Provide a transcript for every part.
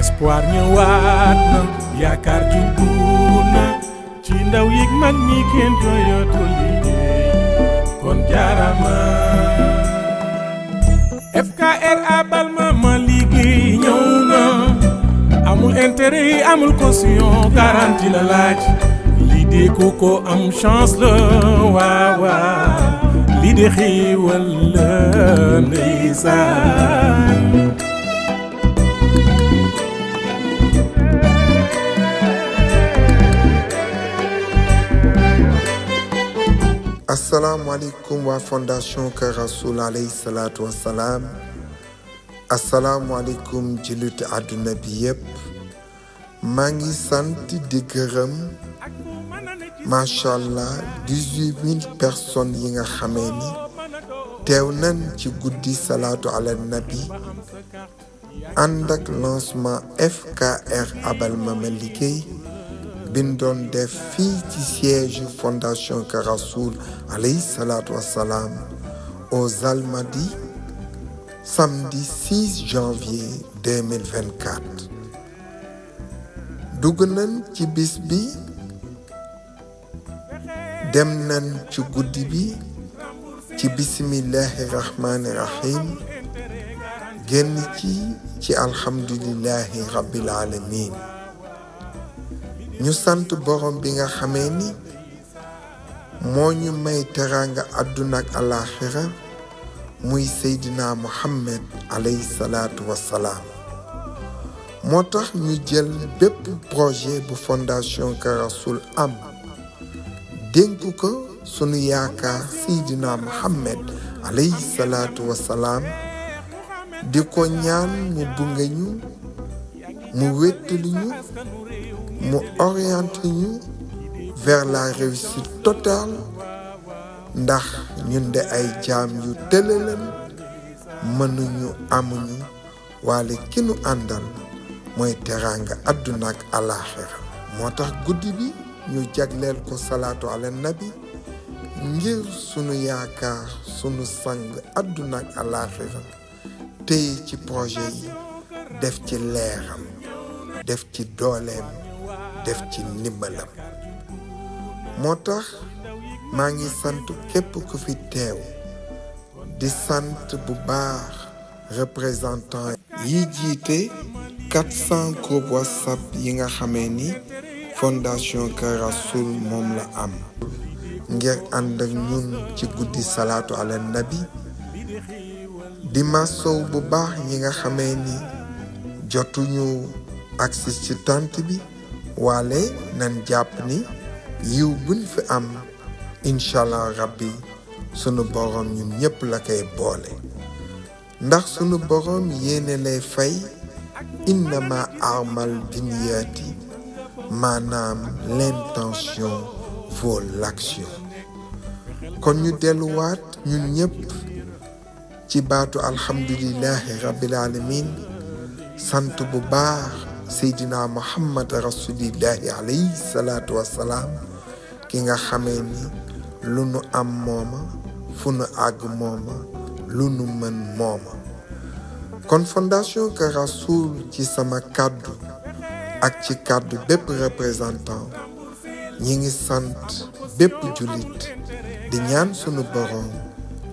espoir ñëwaat na yaakaar juddu na ci ndaw yi mag ñi kenn jooyatul liggéey kon jaarama FKR abal ma ma liggéey ñëw na amul intérêt yi amul caution garantie la laaj lii de ku ko am chance la waaw lii de xéewal la ndeysaan Assalamu alaikum wa fondation Karasul rasul salatu wa salam Assalamu alaikum jilut àdduna mangi santi de gram. machallah 18 000 personnes yi nga xamee ni teew ci goudi nabi Andak lancement FKR abal Mamelike. Bindon des def du ci siège fondation Karasoul Ali alayhi salatu wassalam aux Almadies samedi 6 janvier 2024 dugg nañ ci bis bi dem nañ ci guddi bi ci rahim génn ci ci rabbil alamin ñu sant borom bi nga xamee ni moo ñu may teraanga àdduna ak alaaxira muy seydina muhammad alayhi wassalaam moo tax ñu jël bépp projet bu fondation Karasoul am dénk ko sunu yaakaar seydina muhammad alayhi wassalaam di ko ñaan mu bunge mu wéttali ñu mu oriente ñu vers la réussite totale ndax ñun de ay jaam yu tële leen mënuñu amuñu waale ki nu àndal mooy teraanga àdduna ak àllaaxira moo tax guddi bi ñu jagleel ko salaatu ala nabi ngir sunu yaakaar sunu sang àdduna ak àllaaxira tey ci projet yi def ci leeram def ci dooleem def ci ndimbalam moo tax maa ngi sant képp ku fi teew di sant bu baax représentant yi jiite 400 groupe whatsapp yi nga xamee ni fondation Kër Rassoul moom la am ngir ànd ak ñun ci guddi salaatu ala nabi di masow bu baax yi nga xamee ni jotuñu agsi ci tant bi waale nan jàpp ni yiw buñ fi am incha allah rabbi sunu borom ñun ñëpp la koy boole ndax sunu borom yéene lay fay innama amal binniyaati maanaam l'intention vaut l'action kon ñu delluwaat ñun ñëpp ci baatu alhamdulillahi rabbil alamin sant bu baax seydina muhammad rasulillahi alayhi salaatu wassalaam ki nga xamee ni lu nu am mooma fu nu àgg mooma lu nu mën mooma kon fondation Kër ci sama kàddu ak ci kàddu bépp représentant ñi ngi sant bépp jullit di ñaan sunu boroom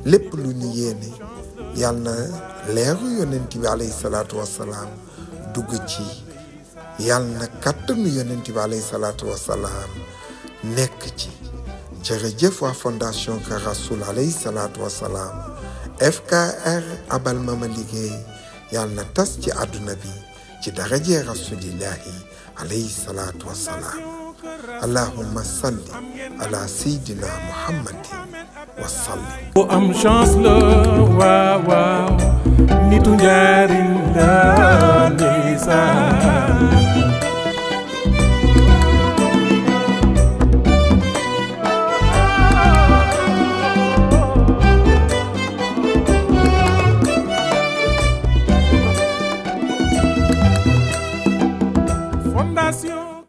lépp lu ñu yéene yàlla na leeru yonent bi alayhi salaatu wassalaam dugg ci yàlla na kàttanu yonent bi alayhi salaatu wasalaam nekk ci jërëjëf waa fondation Kër Rasoul alayhi salaatu wasalaam FKR abal ma ma liggéey yàlla na tas ci àdduna bi ci daraje rasulillahi alayhi salaatu wasalaam allahumma salli ala sayyidina muhammadin wa sallim